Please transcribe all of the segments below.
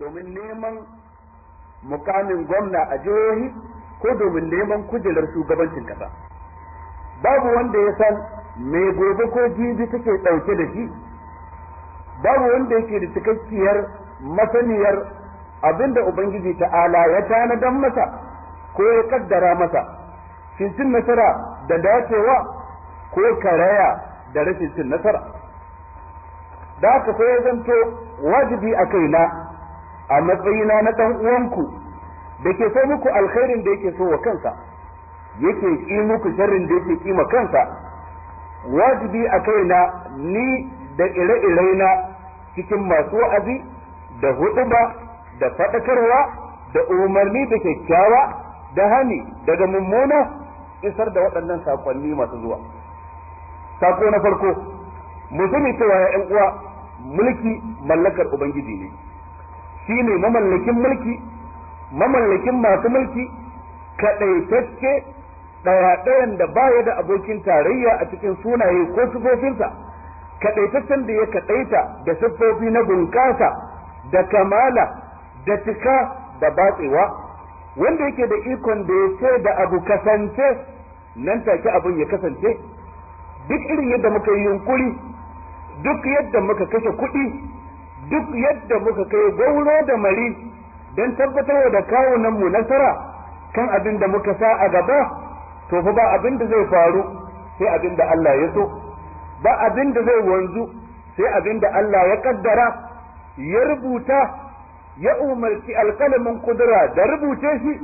domin neman mukamin gwamna a jihohi ko domin neman kujerar shugabancin kasa babu wanda ya san me gobe ko jibi take dauke da shi babu wanda yake da cikakkiyar masaniyar abinda ubangiji ta'ala ya tanadan masa ko ya kaddara masa shin cin nasara da dacewa ko karaya da rashin cin nasara da haka sai ya zanto wajibi a kaina a matsayina na ɗan uwanku da ke so muku alkhairin da yake so wa kansa yake ki muku sharrin da yake ki ma kansa wajibi a kaina ni da ire-irena cikin masu wa'azi da huɗuba da faɗakarwa da umarni da kyakkyawa da hani daga mummuna isar da waɗannan saƙonni masu zuwa sako na farko musulmi cewa ya uwa mulki mallakar ubangiji ne Shi ne mamallakin mulki mamallakin masu mulki kadaitacce daya dayan da baya da abokin tarayya a cikin sunaye ko sifofinsa kadaitaccen da ya kaɗaita da sifofi na bunƙasa da kamala da cika da batsewa wanda yake da ikon da ya ce da abu kasance nan take abin ya kasance duk irin yadda muka yi yunkuri duk yadda muka kashe kuɗi duk yadda muka kai gauro da mari don tabbatar da kawunan mu nasara kan abin da muka sa a gaba to fa ba abin da zai faru sai abin da Allah ya so ba abin da zai wanzu sai abin da Allah ya kaddara ya rubuta ya umarci alkalamin kudura da rubuce shi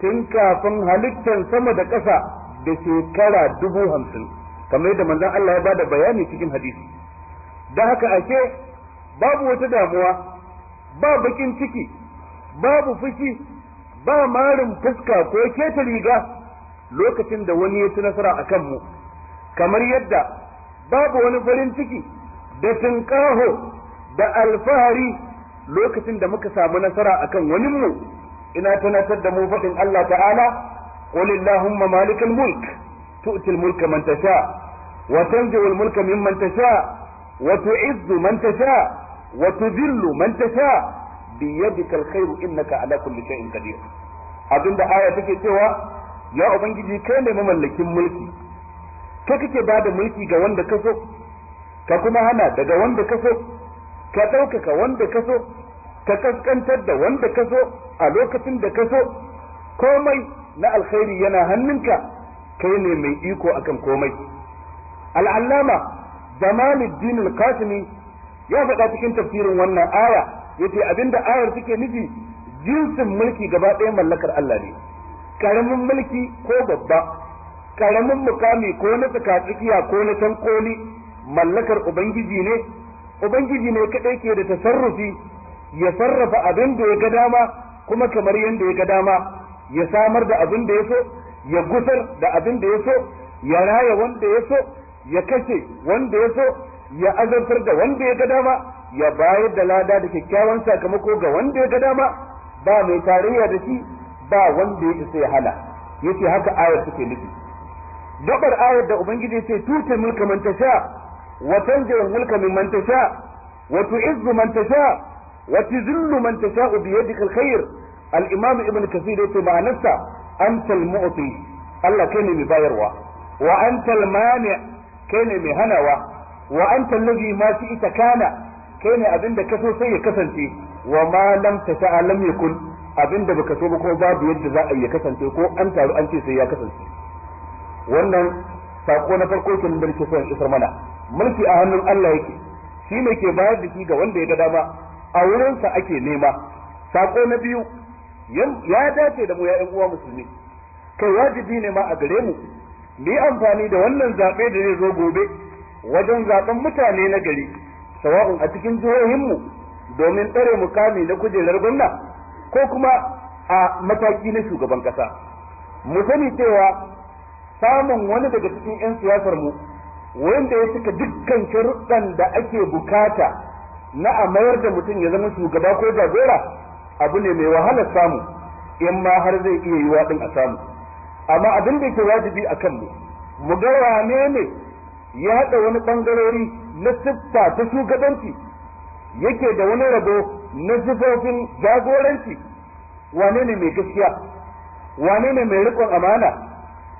tun kafin halittar sama da ƙasa da shekara dubu hamsin kamar yadda manzon Allah ya bada bayani cikin hadisi da haka ake babu wata damuwa ba bakin ciki babu fushi ba marin fuska ko keta riga lokacin da wani ya ci nasara a kanmu kamar yadda babu wani farin ciki da tunƙaho da alfahari lokacin da muka samu nasara akan kan waninmu, ina tunatar da mu faɗin Allah ta'ala qul illahumma malikal mulk tu'ti al mulka man tasha wa tanzi'u mulka mimman tasha wa tu'izzu man tasha wa tudhillu man tasha bi yadika alkhairu innaka ala kulli shay'in qadir abinda aya take cewa ya ubangiji kai ne mamallakin mulki kai kake bada mulki ga wanda ka so ka kuma hana daga wanda ka so ka ɗaukaka wanda ka so ka kaskantar da wanda ka so a lokacin da ka so komai na alkhairi yana hannunka kai ne mai iko akan komai al'allama zamanin dinin kasimi ya faɗa cikin tafsirin wannan aya yace abinda ayar take nufi jinsin mulki gaba ɗaya mallakar Allah ne karamin mulki ko babba karamin mukami ko na tsakatsakiya ko na tankoli mallakar ubangiji ne ubangiji ne kadai ke da tasarrufi ya sarrafa abin da ya ga dama kuma kamar yadda ya ga dama ya samar da abin da ya so ya gusar da abin da ya so ya raya wanda ya so ya kashe wanda ya so ya azantar da wanda ya ga dama ya bayar da lada da kyakkyawan sakamako ga wanda ya ga dama ba mai tarayya da shi ba wanda ya isa ya hala yace haka ayar take nufi gabar ayar da ubangiji sai tutul mulka man tasha wa tanjil mulka man tasha wa tu'izzu man tasha wa tuzillu man tasha bi yadika alkhair al-imam ibn kathir yace ma'anarsa antal mu'ti Allah kai ne mai bayarwa wa antal mani' kai ne mai hanawa wa an allazi ma fi ita kana kai ne abinda ka so sai ya kasance wa ma lam tasha lam yakun abinda baka so ba ko babu yadda za a yi kasance ko an taru an ce sai ya kasance wannan sako na farko kenan da nake so isar mana mulki a hannun Allah yake shi ne ke bayar da shi ga wanda ya ga dama a wurinsa ake nema sako na biyu ya dace da mu ya uwa musulmi kai wajibi ne ma a gare mu Ni amfani da wannan zaɓe da zai zo gobe wajen zaben mutane na gari sawa'un a cikin jihohinmu domin tsare mukami na kujerar gwamna ko kuma a mataki na shugaban kasa mu sani cewa samun wani daga cikin 'yan siyasar mu wanda ya cika dukkan sharuɗan da ake bukata na a mayar da mutum ya zama shugaba ko jagora abu ne mai wahalar samu in ma har zai iya yiwa din a samu amma abin da ke wajibi a kanmu mu ga wane ne ya haɗa wani ɓangarori na siffa ta shugabanci yake da wani rabo na sifofin jagoranci wane ne mai gaskiya wane ne mai rikon amana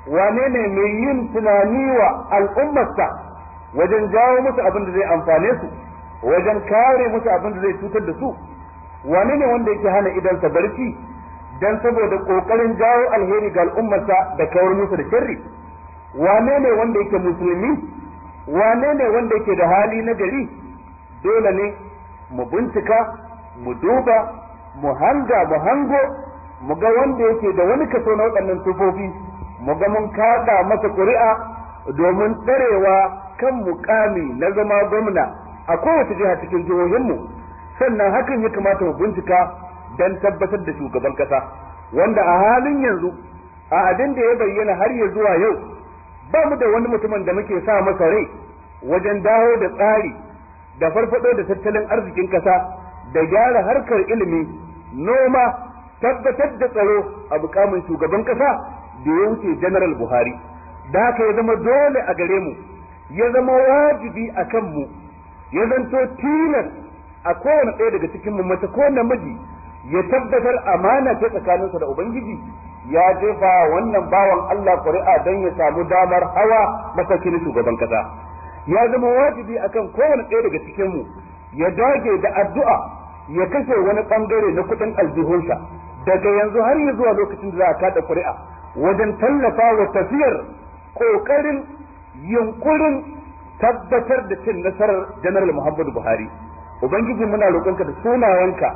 wane ne mai yin tunani wa al'ummarsa wajen jawo musu abin da zai amfane su wajen kare musu abin da zai cutar da su wane ne wanda yake hana idansa barci dan saboda kokarin jawo alheri ga al'ummarsa da kawar musu da sharri wane ne wanda yake musulmi wane ne wanda yake da hali na gari dole ne mu bincika mu duba mu hanga mu hango mu ga wanda yake da wani kaso na waɗannan tufofi mu ga mun kaɗa masa ƙuri'a domin tsarewa kan muƙami na zama gwamna a kowace jiha cikin jihohinmu sannan hakan ya kamata mu bincika don tabbatar da shugaban ƙasa wanda a halin yanzu a abin da ya bayyana har ya zuwa yau ba mu da wani mutumin da muke sa masa rai wajen dawo da tsari da farfado da tattalin arzikin kasa da gyara harkar ilimi noma tabbatar da tsaro a bukamin shugaban kasa da ya wuce general buhari da haka ya zama dole a gare mu ya zama wajibi a kan mu, ya zanto tilas a kowane ɗaya daga cikin mu mace ko namiji ya tabbatar amana ta tsakaninsa da ubangiji ya jefa wannan bawan Allah ƙuri'a don ya samu damar hawa matakin shugaban kasa ya zama wajibi akan kowane ɗaya daga cikinmu, ya dage da addu'a ya kashe wani ɓangare na kuɗin aljihunsa daga yanzu har ya zuwa lokacin da za a kada ƙuri'a wajen tallafa wa tafiyar ƙoƙarin yunkurin tabbatar da cin nasarar janar Muhammadu Buhari ubangiji muna roƙonka da sunayenka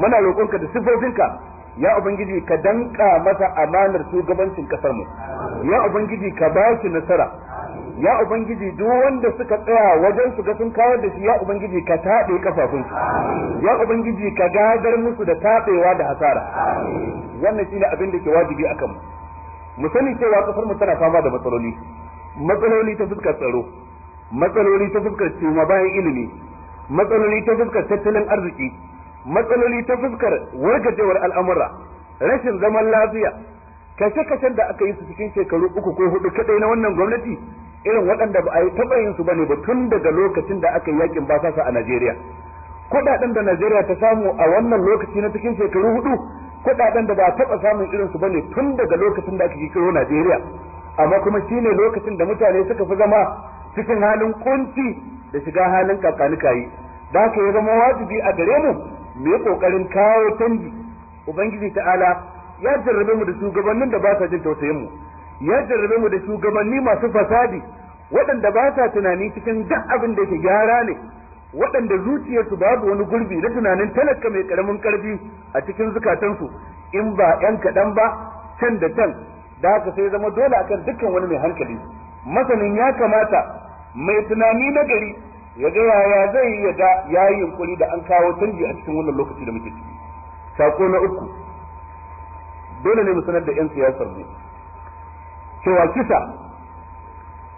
muna roƙonka da sifofinka ya ubangiji ka danka masa amanar shugabancin kasar mu ya ubangiji ka ba shi nasara ya ubangiji duk wanda suka tsaya wajen su ga sun kawar da shi ya ubangiji ka tabe kafafun su ya ubangiji ka gadar musu da taɓewa da hasara wannan shine abin da ke wajibi akan mu mu sani cewa kasar mu tana fama da matsaloli matsaloli ta fuskar tsaro matsaloli ta fuskar cewa bayan ilimi matsaloli ta fuskar tattalin arziki matsaloli ta fuskar wargajewar al'amura rashin zaman lafiya kashe-kashen da aka yi su cikin shekaru uku ko hudu kadai na wannan gwamnati irin waɗanda ba a yi taɓa yin su bane ba tun daga lokacin da aka yi yakin basasa a Najeriya kuɗaɗen da Najeriya ta samu a wannan lokaci na cikin shekaru hudu kuɗaɗen da ba a taɓa samun irin su bane tun daga lokacin da aka yi kiro Najeriya amma kuma shine lokacin da mutane suka fi zama cikin halin kunci da shiga halin kakanikayi da haka ya zama wajibi a gare mu mu yi kokarin kawo canji ubangiji ta'ala ya jarrabe mu da shugabannin da ba sa jin tausayin mu ya jarrabe mu da shugabanni masu fasadi waɗanda ba sa tunani cikin duk abin da yake gyara ne waɗanda zuciyarsu babu wani gurbi na tunanin talaka mai karamin karfi a cikin zukatansu in ba yan kaɗan ba can da can da haka sai zama dole akan dukkan wani mai hankali masanin ya kamata mai tunani na gari ya ga yaya zai yi ya ga yayi yunkuri da an kawo canji a cikin wannan lokaci da muke ciki sako na uku dole ne mu sanar da yan siyasar ne cewa kisa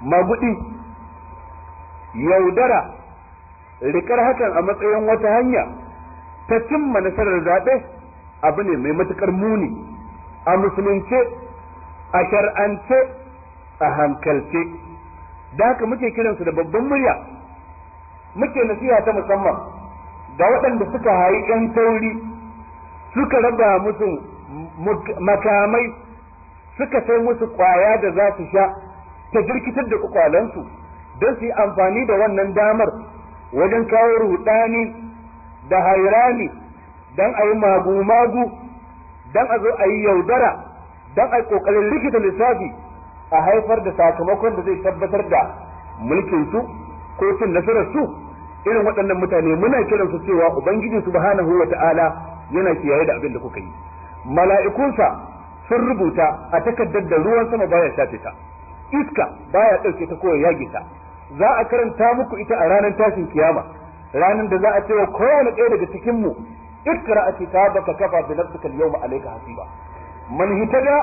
magudi yaudara rikar hakan a matsayin wata hanya ta cimma nasarar zaɓe abu ne mai matukar muni a musulunce a shar'ance a hankalce da haka muke kiransu da babban murya muke nasiha ta musamman da waɗanda suka hayi ƴan tauri suka raba musu makamai suka sai musu ƙwaya da za su sha ta jirkitar da kwakwalansu don su yi amfani da wannan damar wajen kawo rudani da hairani don a yi magu-magu don a zo a yi yaudara don a yi ƙoƙarin likita lissafi a haifar da sakamakon da zai tabbatar da mulkinsu ko cin nasararsu irin waɗannan mutane muna kiran su cewa ubangiji subhanahu wa ta'ala yana kiyaye da abin da kuka yi mala'ikunsa sun rubuta a takardar da ruwan sama baya shafe ta iska baya ɗauke ta ko yage ta za a karanta muku ita a ranar tashin kiyama ranar da za a cewa kowane ɗaya daga cikin mu اقرأ كتابك كفى بنفسك اليوم عليك حسيبا من اهتدى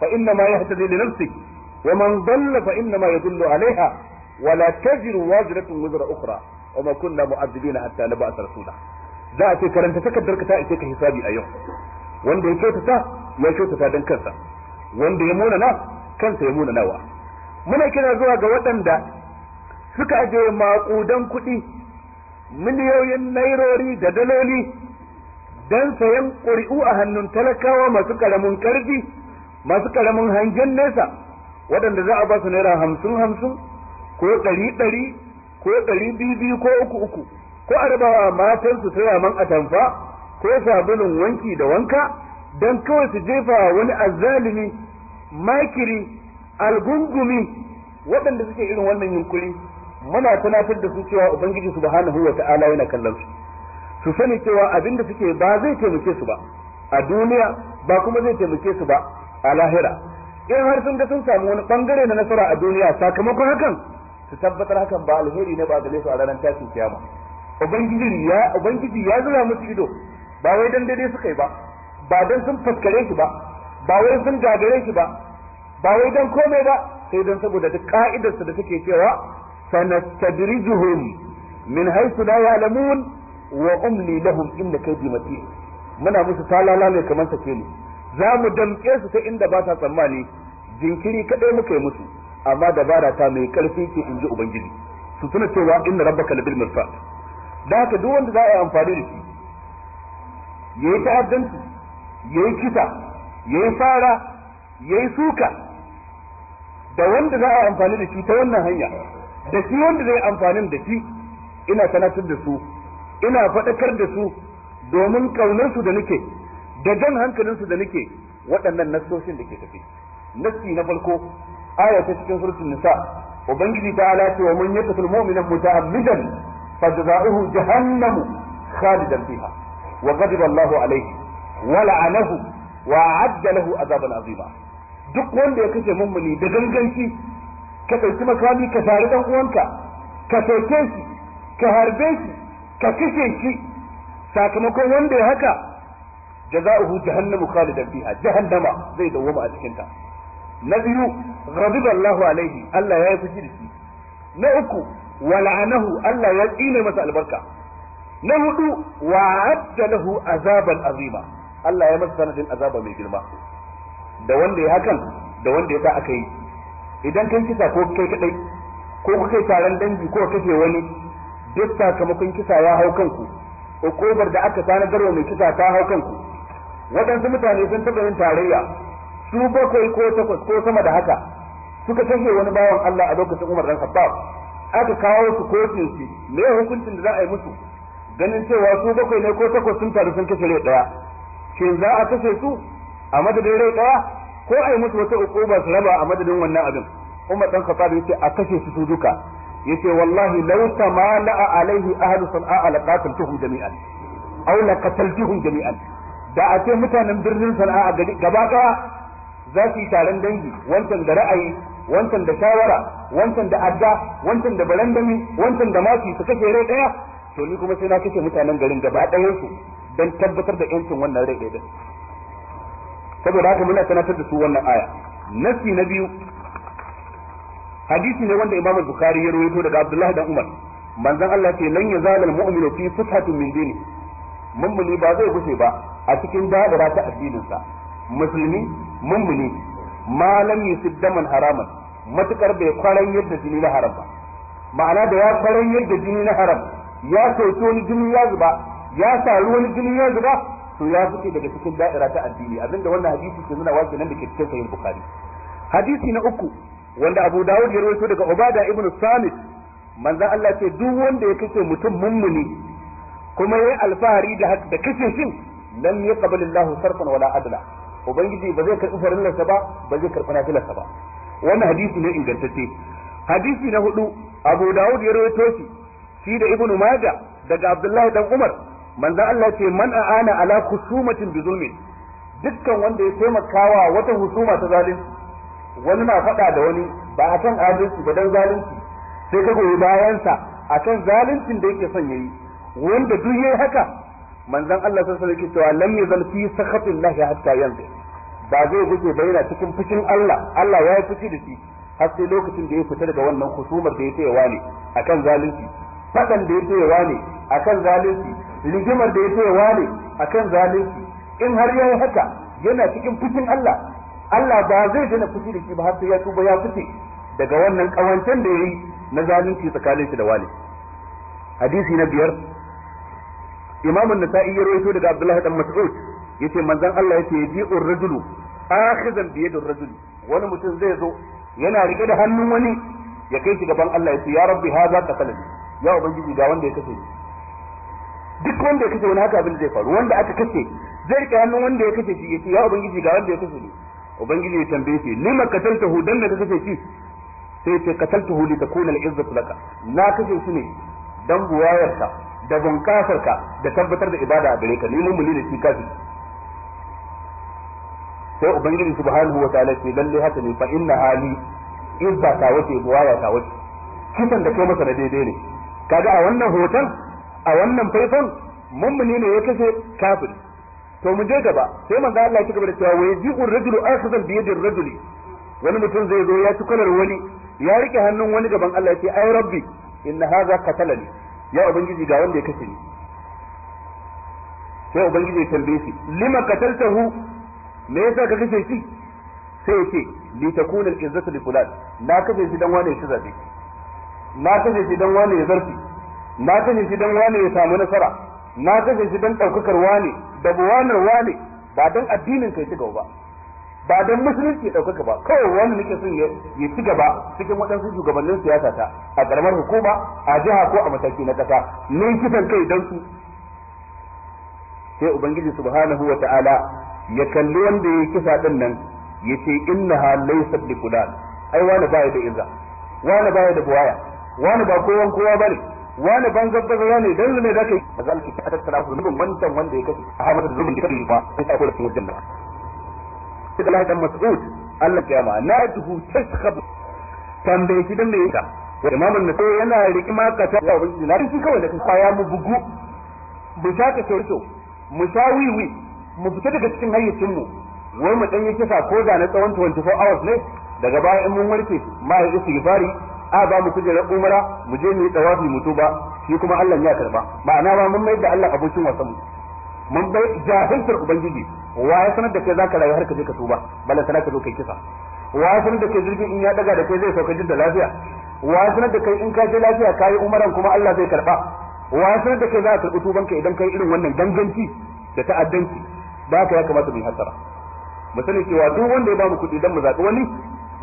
فإنما يهتدي لنفسه ومن ضل فإنما يضل عليها ولا تزر وازرة وزر أخرى wa ma kunna na hatta nab'ath rasula a ce karanta takardar ka ta ake ka hisabi a yau wanda ya kyautata ya kyautata don kansa wanda ya munana kansa ya munanawa muna kira zuwa ga waɗanda suka je maƙudan kuɗi miliyoyin nairori da daloli don sayan ƙuri'u a hannun talakawa masu ƙaramin ƙarfi masu ƙaramin hangen nesa waɗanda za a ba su naira hamsin hamsin ko ɗari ɗari ko ɗari biyu biyu ko uku uku ko a rabawa matansu man atamfa ko sabulun wanki da wanka don kawai su jefa wani azalimi makiri algungumi waɗanda suke irin wannan yunkuri muna tunatar da su cewa ubangiji subhanahu wa ta'ala yana kallon su su sani cewa abin da suke ba zai taimake su ba a duniya ba kuma zai taimake su ba a lahira in har sun ga sun samu wani bangare na nasara a duniya sakamakon hakan su tabbatar hakan ba alheri ne ba gare su a ranar tashin kiyama ubangiji ya ubangiji ya zura musu ido ba wai dan daidai suka yi ba ba dan sun fuskare shi ba ba wai sun gagare shi ba ba wai dan komai ba sai dan saboda duk ka'idar su da suke cewa sanastadrijuhum min haythu la ya'lamun wa umli lahum inna kaydi matin muna musu talala ne kamar sake ne za mu damƙe su ta inda ba sa tsammani jinkiri kaɗai muka yi musu amma dabara ta mai karfi ce in ji ubangiji su tuna cewa inna rabbaka labil mirsad da haka duk wanda za a yi amfani da shi yayi ta'addanci yayi kisa yayi fara yayi suka da wanda za a yi amfani da shi ta wannan hanya da shi wanda zai amfani da shi ina sanatar da su ina faɗakar da su domin kaunar da nake da jan hankalinsu da nake waɗannan nassoshin da ke tafi nassi na farko aya ta cikin suratul nisa ubangiji ta ala ce wa man yaqtul mu'mina muta'ammidan fajza'uhu jahannamu khalidan fiha wa ghadiba Allahu alayhi wa la'anahu wa a'adda lahu azaban azima duk wanda ya kashe mummuni da ganganci ka ɗauki makami ka tare dan uwanka ka soke shi ka harbe shi ka kashe shi sakamakon wanda ya haka jaza'uhu jahannamu khalidan fiha jahannama zai dawwama a cikinta. na biyu ghadiba Allahu alaihi Allah ya yi fushi da shi na uku wa la'anahu Allah ya tsine masa albarka na hudu wa adda lahu azaban azima Allah ya masa sanadin azaba mai girma da wanda ya hakan da wanda ya sa aka yi idan kan kisa ko kai kadai ko ku kai taron dangi ko kake wani duk sakamakon kisa ya hau kanku ukubar da aka tanadarwa mai kisa ta hau kanku waɗansu mutane sun taɓa yin tarayya su bakwai ko takwas ko sama da haka suka kashe wani bawan Allah a lokacin Umar dan Khattab aka kawo su kotun shi me hukuncin da za a yi musu ganin cewa su bakwai ne ko takwas sun taru sun kashe rai daya shin za a kashe su a madadin rai daya ko a yi musu wata ukuba su raba a madadin wannan abin Umar dan Khattab yace a kashe su su duka yace wallahi law tamala alaihi ahlu sana'a qatiltuhum jami'an aw qataltuhum jami'an da a ce mutanen birnin sana'a gaba daya za su yi taron dangi wancan da ra'ayi wancan da shawara wancan da adda wancan da barandami wancan da mafi su kashe rai daya to ni kuma sai na kashe mutanen garin gaba ɗayan su dan tabbatar da yancin wannan rai daya saboda haka muna sanatar da su wannan aya nasi na biyu hadisi ne wanda Imam Bukhari ya rawaito daga Abdullah dan Umar manzon Allah ce lan yazal al-mu'minu fi fithatin min dini mummuni ba zai gushe ba a cikin da'ira ta addinin sa musulmi mummuni ma lam haraman matukar bai kwaran yadda jini na haram ba ma'ana da ya kwaran yadda jini na haram ya soki wani jini ya zuba ya saru wani jini ya zuba to ya fice daga cikin da'ira ta addini abinda wannan hadisi ke nuna wa kenan da ke cikin sahih bukhari hadisi na uku wanda Abu Dawud ya rawaito daga Ubada ibn Samit manzo Allah ce duk wanda ya kace mutum mummuni kuma yayi alfahari da da kace shin lam yaqbalillahu sarfan wala adla ubangiji ba zai karbi farillarsa ba ba zai karbi nafilarsa ba wannan hadisi ne ingantacce hadisi na hudu abu dawud ya rawaito shi shi da ibnu maja daga abdullahi dan umar manzo Allah ce man aana ala khusumatin bi zulmin dukkan wanda ya taimaka wa wata husuma ta zalunci wani na faɗa da wani ba a kan adalci ba dan zalunci sai ka goyi bayansa a kan zaluncin da yake son yayi wanda duk yayi haka manzon Allah sallallahu alaihi wasallam cewa lam yazal fi sakhatillahi hatta yanzu ba zai guje ba yana cikin fushin Allah Allah ya yi fushi da shi har sai lokacin da ya fita daga wannan kusumar da ya ce ne akan zalunci fadan da ya ce ne akan zalunci rigimar da ya ce ne akan zalunci in har yayi haka yana cikin fushin Allah Allah ba zai dana fushi da shi ba har sai ya tuba ya fice daga wannan kawancen da yayi na zalunci tsakanin shi da wali hadisi na biyar imam an-nasa'i ya rawaito daga abdullahi dan mas'ud yace manzon Allah yace yaji'u ar-rajulu akhizan bi yadi ar-rajuli wani mutum zai zo yana riƙe da hannun wani ya kai shi gaban Allah ya ce ya rabbi hadha qatalani ya ubangiji ga wanda ya kashe ni duk wanda ya kashe wani haka abin zai faru wanda aka kashe, zai riƙe hannun wanda ya kashe shi ya yace ya ubangiji ga wanda ya kace ni ubangiji ya tambaye shi lima qataltahu dan da kashe shi sai ce qataltahu li takuna al-izzatu laka na kashe shi ne dan buwayarka da bunƙasar ka da tabbatar da ibada a gare ka ni mummuni da shi kafi sai ubangiji subhanahu wa ta'ala ce lalle haka ne fa inna hali in ba ta wace ya ta wace kisan da kai masa da daidai ne kaga a wannan hoton a wannan faifan mummuni ne ya kace kafiri to mu je gaba sai manzo Allah ya cigaba da cewa wa yaji'ur rajulu akhzan bi yadir rajuli wani mutum zai zo ya ci kalar wani ya rike hannun wani gaban Allah ya ce ai rabbi inna hadha qatalani ya ubangiji ga wanda ya kashe ni sai ubangiji ya tambaye shi lima qataltahu me yasa ka kashe shi sai yake li takuna al-izzatu li fulan na kashe shi dan wane ya zabe na kashe shi dan wane ya zarfi na kashe shi dan wane ya samu nasara na kashe shi dan daukakar wane da buwanar wane ba dan addinin kai ci gaba ba ba dan musulunci ya ɗaukaka ba kawai wanda nake son ya ci gaba cikin waɗansu shugabannin siyasa ta a ƙaramar hukuma a jiha ko a mataki na ƙasa ni kisan kai dan su sai ubangiji subhanahu wa ta'ala ya kalli wanda ya kisa din nan ya ce ha, laysa bi fulan ai wani ba da izza wani ba da buwaya wani ba kowan kowa bane wani ban banzan ga wani dan ne da kai bazalki ta tattara ku mun wancan wanda ya kace a hamata zubin da kake ba sai ta kula cikin wajen Abdullahi dan Mas'ud Allah kiyama naduhu tashkhab tambaye shi dan me yasa Imam an-Nasawi yana riki maka ta ya ubangiji na shi kawai da kuma ya mu bugu mu shaka torto mu wiwi mu fita daga cikin hayyacin mu wai mu dan yi kisa ko da na tsawon 24 hours ne daga baya in mun warke ma ya istighfari a ba mu kujerar umara mu je mu yi tawafi mu tuba shi kuma Allah ya karba ma'ana ba mun mai da Allah abokin wasan mu mun bai jahiltar ubangiji wa ya sanar da kai zaka rayu har ka je ka tuba balan sana ka zo kai kisa wa ya sanar da kai jirgin in ya daga da kai zai sauka jin da lafiya wa ya sanar da kai in ka je lafiya kai umaran kuma Allah zai karba wa ya sanar da kai za ka karbi tuban ka idan kai irin wannan ganganci da ta'addanci da haka ya kamata mu yi hasara mu sani cewa duk wanda ya ba mu kuɗi dan mu zabi wani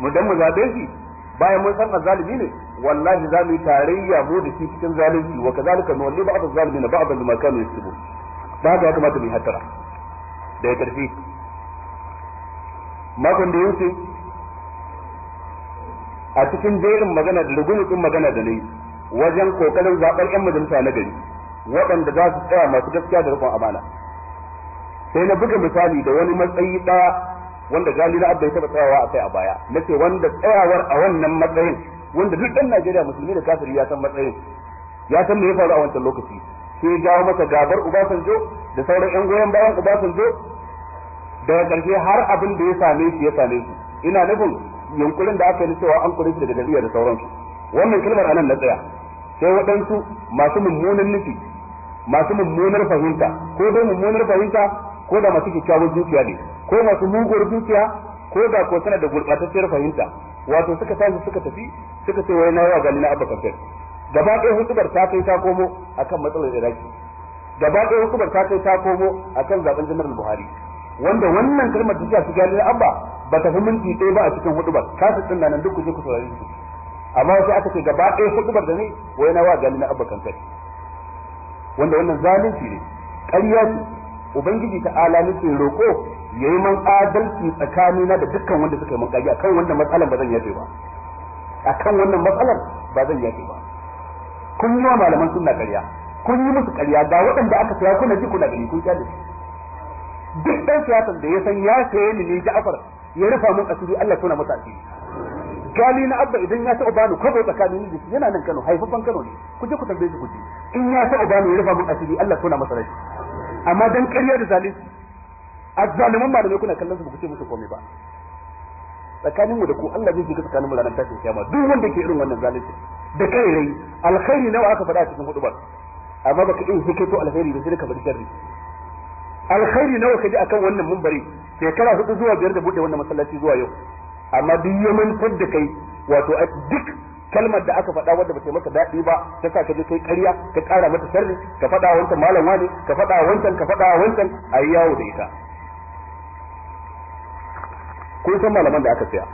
mu dan mu zaɓe shi bayan mun san zalimi ne wallahi za mu yi tarayya mu da shi cikin zalunci wa kazalika nuwalli ba'd az-zalimin ba'd bima kanu Ba haka ya kamata mai hattara da ya karfi makon da ya a cikin jerin magana da rugumutsin magana da nayi wajen kokarin zaɓar 'yan majalisa na gari waɗanda za su tsaya masu gaskiya da rikon amana sai na buga misali da wani matsayi ɗaya wanda gani na abda taɓa tsayawa a kai a baya na ce wanda tsayawar a wannan matsayin wanda duk ɗan najeriya musulmi da kafiri ya san matsayin ya san me ya faru a wancan lokaci sai jawo masa gabar uba sanjo da sauran yan goyon bayan Ubasanjo daga karshe har abin da ya same shi ya same shi ina nufin yunkurin da aka yi cewa an kure shi daga da sauransu wannan kalmar anan na tsaya sai waɗansu masu mummunan nufi masu mummunar fahimta ko dai mummunar fahimta ko da masu kyakkyawar dukiya ne ko masu muguwar zuciya ko da ko suna da gurɓatacciyar fahimta wato suka tashi suka tafi suka ce wai na yawa gani na abba kafir gaba ɗaya hutubar ta kai ta komo akan matsalar iraki gaba ɗaya hutubar ta kai ta komo akan zaben jami'ar buhari wanda wannan kalmar da ta shiga da abba ba ta fi minti ɗaya ba a cikin hutubar kasa tsinna nan duk kuje ku saurare su amma sai aka ce gaba ɗaya hutubar da ne wai na wa gani na abba kai. wanda wannan zalunci ne ƙarya ce ubangiji ta ala nake roƙo yayi man adalci tsakanina da dukkan wanda suka yi man ƙarya kan wannan matsalar ba zan yafe ba akan wannan matsalar ba zan yafe ba kun yi wa malaman suna ƙarya kun yi musu ƙarya ga waɗanda aka saya kuna ji kuna gani kun kyale duk ɗan siyasan da ya san ya saye ni ne Ja'far ya rufa mun asiri Allah tona masa asiri gali na abba idan ya taɓa bani kwabo tsakanin da yana nan Kano haifafan Kano ne ku je ku tambaye shi ku ji in ya taɓa bani ya rufa mun asiri Allah tona masa rai amma dan ƙarya da zalunci azzaliman malamai kuna kallon su ba ku ce musu komai ba tsakanin mu da ku Allah zai shiga tsakanin mu ranar tashin kiyama duk wanda ke irin wannan zalunci da kai rai alkhairi nawa aka faɗa a cikin ba amma baka iya hikaito alkhairi ba sai ka bari sharri alkhairi nawa ka kaji akan wannan mumbari shekara hudu zuwa biyar da bude wannan masallaci zuwa yau amma duk ya mantar da kai wato duk kalmar da aka faɗa wadda bata maka daɗi ba ta sa ka je kai ƙarya ka ƙara mata sharri ka faɗa wancan malam wani ka faɗa wancan ka faɗa wancan ayi yawo da ita kun san malaman da aka saya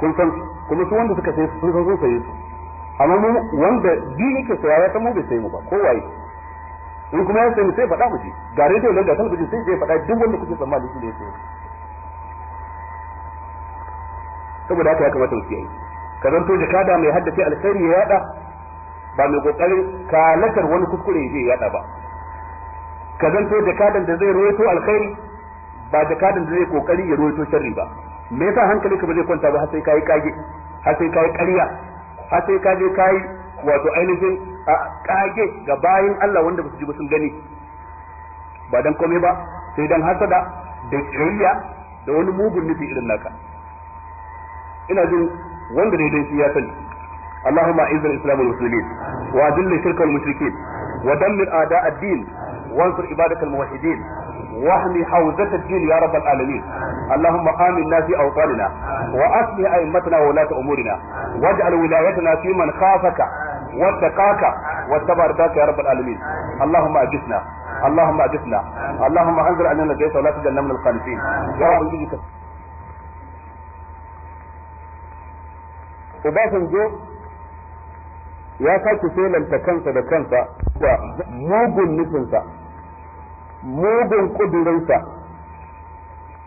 kun san kuma su wanda suka sai sun san sun saye su amma mu wanda bi yake saya ya san mu bai sai mu ba ko waye in kuma ya sai mu sai faɗa mu ji ga rediyo nan ga talabijin sai sai faɗa duk wanda kuke tsammani da ya sai saboda haka ya kamata mu kiyaye ka zanto jakada mai haddace alkhairi ya yada ba mai kokarin kalatar wani kuskure ya yada ba ka zanto jakadan da zai rawaito alkhairi ba jakadin da zai kokari ya ruwaito sharri ba me yasa hankali ka ba zai kwanta ba har sai kai kage har sai kai ƙarya har sai ka je kai wato ainihin kage ga bayin Allah wanda ba su ji ba sun gani ba dan komai ba sai dan hasada da kiyayya da wani mugun nufi irin naka ina jin wanda daidai shi ya sani اللهم اعز الاسلام والمسلمين واذل الشرك والمشركين ودمر اعداء الدين وانصر عبادك الموحدين واحمي حوزة الدين يا رب العالمين اللهم قام الناس أوطاننا وأصلح أئمتنا وولاة أمورنا واجعل ولايتنا في من خافك واتقاك واتبع رضاك يا رب العالمين اللهم أجسنا اللهم أجسنا اللهم أنزل علينا الجيش ولا تجعلنا من القانفين يا رب Obasanjo ya sake selanta kansa da kansa da mugun nufinsa mugun kudurinsa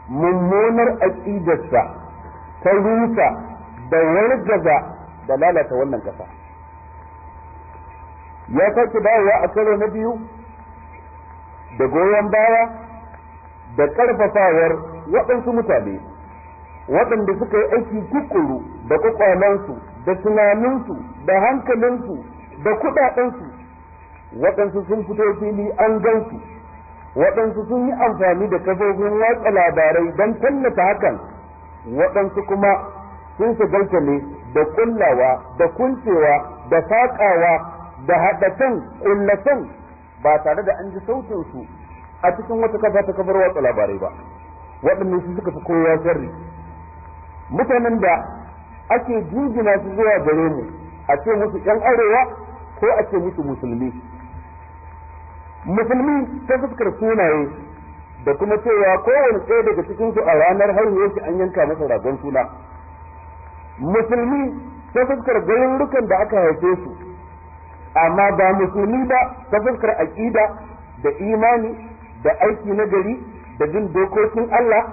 mummunar aƙidarsa ta rusa da wargaza da lalata wannan ƙasa ya sake dawowa a karo na biyu da goyon baya da ƙarfafawar waɗansu mutane waɗanda suka yi aiki kukuru da kwakwalansu da tunaninsu da hankalinsu da kuɗaɗensu waɗansu sun fito fili an gansu waɗansu sun yi amfani da kafofin watsa labarai don tallata hakan waɗansu kuma sun su ne da kullawa da kuncewa da saƙawa da haɗatan kullatan ba tare da an ji sautinsu a cikin wata kafa ta kafar watsa labarai ba waɗannan su suka fi kowa sarri mutanen da ake jingina su zuwa gare mu a ce musu ƴan arewa ko a ce musu musulmi musulmi ta fuskar sunaye da kuma cewa kowane ɗaya daga cikin su a ranar haihuwa shi an yanka masa ragon suna musulmi ta fuskar garurukan da aka haife su amma ba musulmi ba ta fuskar aƙida da imani da aiki na gari da bin dokokin Allah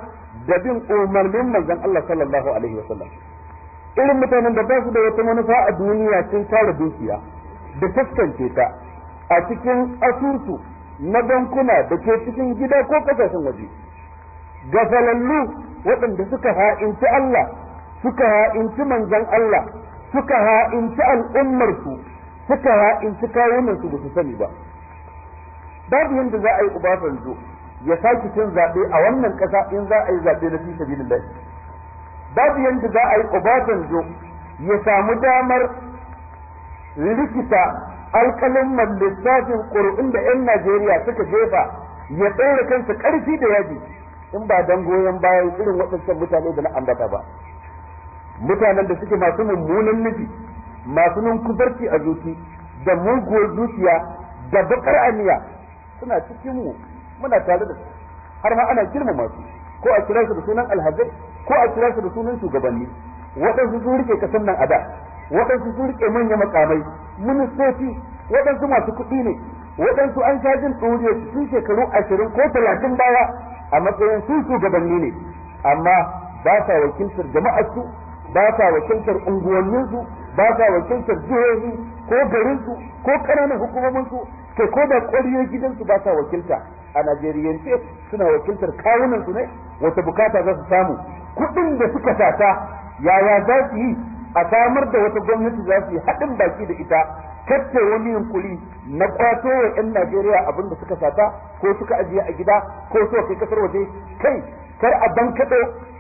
da bin umarnin manzon Allah sallallahu alaihi wasallam irin mutanen da ba su da wata manufa a duniya sun tara dukiya da taskance ta a cikin asusu na bankuna da ke cikin gida ko kasashen waje ga falallu waɗanda suka ha'inci Allah suka ha'inci manzan Allah suka ha'inci al'ummarsu suka ha'inci kawunansu ba su sani ba babu yadda za a yi ubasanjo ya sake cin zaɓe a wannan ƙasa in za a yi zaɓe na fi sabilillah babu yadda za a yi ubasanjo ya samu damar likita. alƙalin lissafin ƙuri'un da 'yan Najeriya suka jefa ya tsere kansa ƙarfi da yaji in ba don goyon bayan irin waɗancan mutane da na ambata ba. Mutanen da suke masu mummunan nufi, masu kubarci a zuci, da muguwar zuciya, da baƙar aniya suna cikinmu muna tare da su, har ma ana girma masu, ko a kira su da sunan alhazai, ko a kira su da sunan shugabanni. Waɗansu sun rike kasan nan a da, waɗansu sun rike manyan makamai, ministoci waɗansu masu kuɗi ne waɗansu an shajin ɗoriya su sun shekaru ashirin ko talatin baya a matsayin su shugabanni ne amma ba sa wakiltar jama'arsu ba sa wakiltar unguwanninsu ba sa wakiltar jihohi ko garinsu ko ƙananan hukumominsu kai ko da ƙwariyar gidansu ba sa wakilta a najeriyance suna wakiltar kawunansu ne wata bukata za su samu kuɗin da suka sata yaya za su yi a samar da wata gwamnati za su yi haɗin baki da ita kacce wani yunkuri na kwato wa 'yan Najeriya abin da suka sata ko suka ajiye a gida ko suka kai kasar waje kai kar a bankaɗo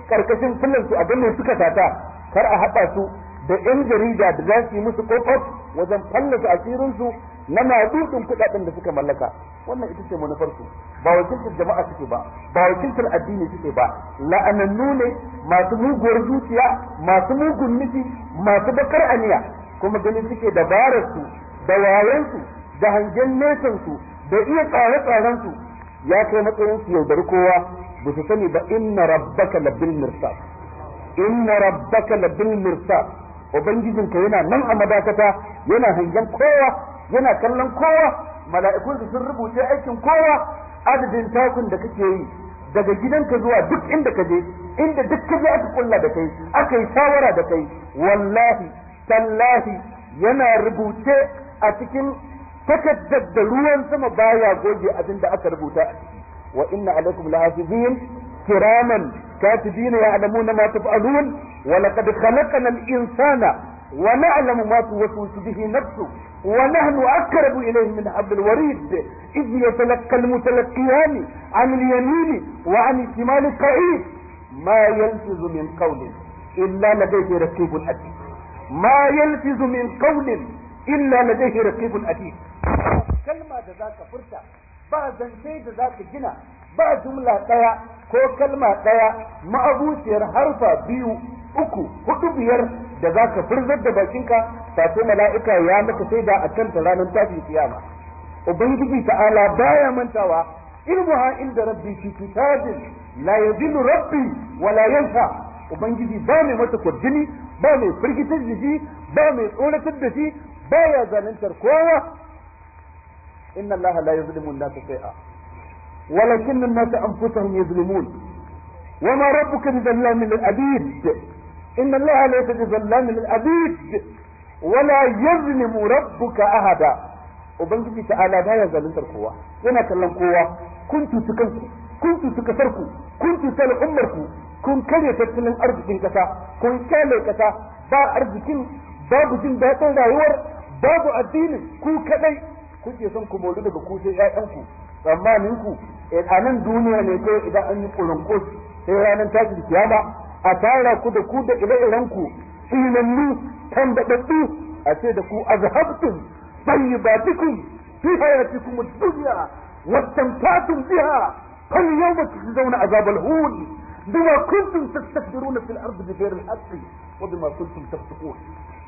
karkashin filin su abin da suka sata kar a haɗa su da 'yan jarida da za su yi musu kokot wajen fallasa asirinsu na madudin kuɗaɗen da suka mallaka wannan ita ce manufar su ba wakiltar jama'a suke ba ba wakiltar addini suke ba la'anannu ne masu muguwar zuciya masu mugun nufi masu bakar aniya kuma ganin suke dabarar su da wayansu da hangen nesan su da iya tsare tsaren su ya kai matsayin su yaudar kowa ba su sani ba inna rabbaka labil mirsad inna rabbaka labil mirsad ubangijinka yana nan a madakata yana hangen kowa yana kallon kowa mala'ikunsu sun rubuce aikin kowa adadin takun da kake yi daga gidanka zuwa duk inda ka je inda duk ka je aka kulla da kai aka yi shawara da kai wallahi tallahi yana rubuce a cikin takaddar da ruwan sama baya goge abin da aka rubuta a ciki wa inna alaikum lahafizin kiraman katibina ya'lamuna ma taf'alun wa laqad khalaqna al-insana ونعلم ما توسوس به نفسه ونحن أقرب إليه من حبل الوريد إذ يتلقى المتلقيان عن اليمين وعن الشمال قعيد ما يلفظ من قول إلا لديه رقيب أتيد ما يلفظ من قول إلا لديه رقيب أتيد كلمة ذاك فرصة بعض زنتي ذاك جنا جنة ba jumla ɗaya ko kalma ɗaya ma'abuciyar harfa biyu uku hudu biyar da za ka furzar da bakinka face mala'ika ya maka sai da a kan ta ranar tashin kiyama ubangiji ta ala baya mantawa ilmuha inda rabbi fi kitabin la yazillu rabbi wa la yansa ubangiji ba mai mata kwarjini ba mai firgitar da shi ba mai tsoratar da shi ba ya zalantar kowa inna allaha la yuzlimu an-nasa shay'a walakinna an-nasa anfusahum yuzlimun wama rabbuka bi dhallamin lil-abid إن الله ليس بظلام للعبيد ولا يظلم ربك أحدا ubangiji ta'ala baya zaluntar kowa yana kallon kowa kun cuci kanku kun cuci kasarku kun cuci al'ummarku kun kare tattalin arzikin kasa kun kyale kasa ba arzikin babu jin daɗin rayuwar babu addinin ku kadai kuke son ku molu daga ku sai ƴaƴanku tsammanin ku a nan duniya ne kai idan an yi kulunkus sai ranar tashin kiyama a كودا ku da ku da ire-iren ku tsinannu tambaɗaɗɗu a ce da ku azhabtum tayyibatikum fi hayatikum ad-dunya واستمتعتم بها فاليوم تجزون عذاب الهون بما كنتم تستكبرون في الارض بغير الحق وبما كنتم تفسقون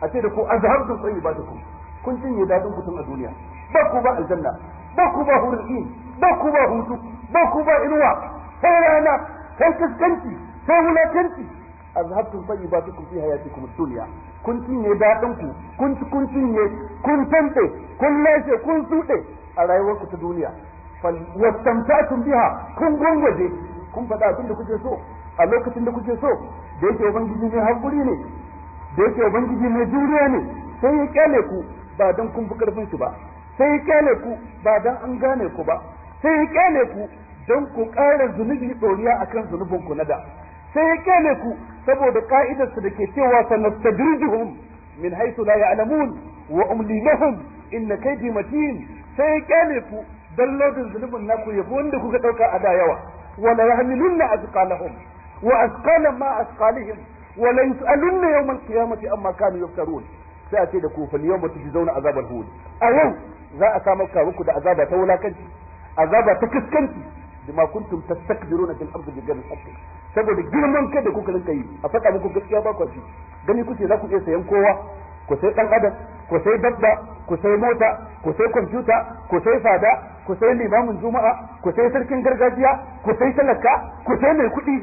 اتي دكو اذهبتم طيباتكم كنت يدادن كنتم الدنيا باكو با الجنه باكو با حور العين باكو با هدوء باكو با انواع سيرانا كي تسكنتي sai wulakanci azhabtum tayyibatukum fi hayatikum ad-dunya kun cinye daɗin ku kun kun cinye kun tante kun lashe kun tude a rayuwarku ta duniya tun biha kun gungwaje kun faɗa abin da kuke so a lokacin da kuke so da yake ubangiji ne hakuri ne da yake ubangiji ne juriya ne sai ya kyale ku ba dan kun fi karfin shi ba sai ya kyale ku ba dan an gane ku ba sai ya kyale ku don ku ƙara zunubi ɗoriya akan zunubin ku na da sai ya kyale ku saboda ka'idar da ke cewa sanastadrijuhum min haythu la ya'lamun wa umli lahum inna kaydi matin sai ya kyale ku dan lodin zulubin naku yabo wanda kuka dauka a da yawa wala yahmilunna azqalahum wa azqalan ma azqalihim wala yus'alunna yawm al-qiyamati amma kanu yaftarun sai a ce da ku fal yawma tujzauna azabal hud a yau za a samu kawunku da azaba ta wulakanci azaba ta kaskanci bima kuntum tastakbiruna fil ardi bighayri haqqin saboda girman kai da kuka rinka yi a faɗa muku gaskiya ba ku ci gani kuke za ku iya sayan kowa ku sai dan adam ku sai dabba ku sai mota ku sai kwamfuta ku sai fada ku sai limamin juma'a ku sai sarkin gargajiya ku sai talaka ku sai mai kuɗi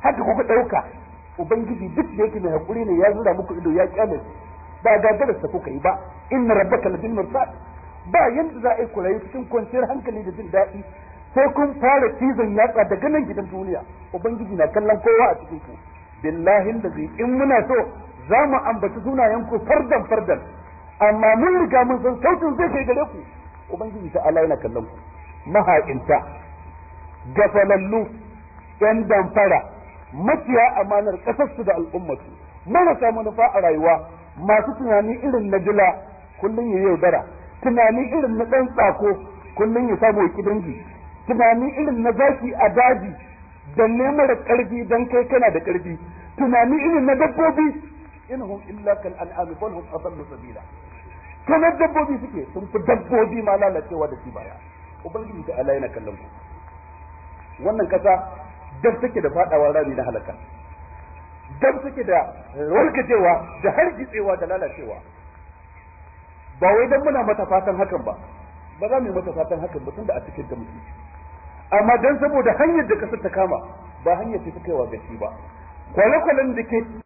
haka kuka ɗauka ubangiji duk da yake mai hakuri ne ya zura muku ido ya kyale ba gagarar sa kuka yi ba inna rabbaka labil mursal ba yanda za a yi kurayi cikin kwanciyar hankali da jin daɗi sai kun fara cizon yatsa daga nan gidan duniya ubangiji na kallon kowa a cikin ku billahi zai in muna so za mu ambaci sunayen ku fardan fardan amma mun riga mun san sautin zai kai gare ku ubangiji ta Allah yana kallon ku mahaƙinta gafalallu yan damfara maciya amanar ƙasarsu da al'ummarsu marasa manufa a rayuwa masu tunani irin na jila kullum ya yaudara tunani irin na ɗan tsako kullum ya samu dangi tunani irin na zaki a daji da nemar karfi dan kai kana da karfi tunani irin na dabbobi inhum illa kal an'am bal hum sabila kana dabbobi suke sun fi dabbobi ma lalacewa da baya ubangiji ta Allah yana kallon ku wannan kasa dab take da fadawa rami na halaka dab take da warkacewa da har hargitsewa da lalacewa ba wai dan muna mata fatan hakan ba ba za mu yi mata fatan hakan ba da a cikin da amma dan saboda hanyar da kasar ta kama ba hanyar ce ta kaiwa gaci ba kwale-kwalen da ke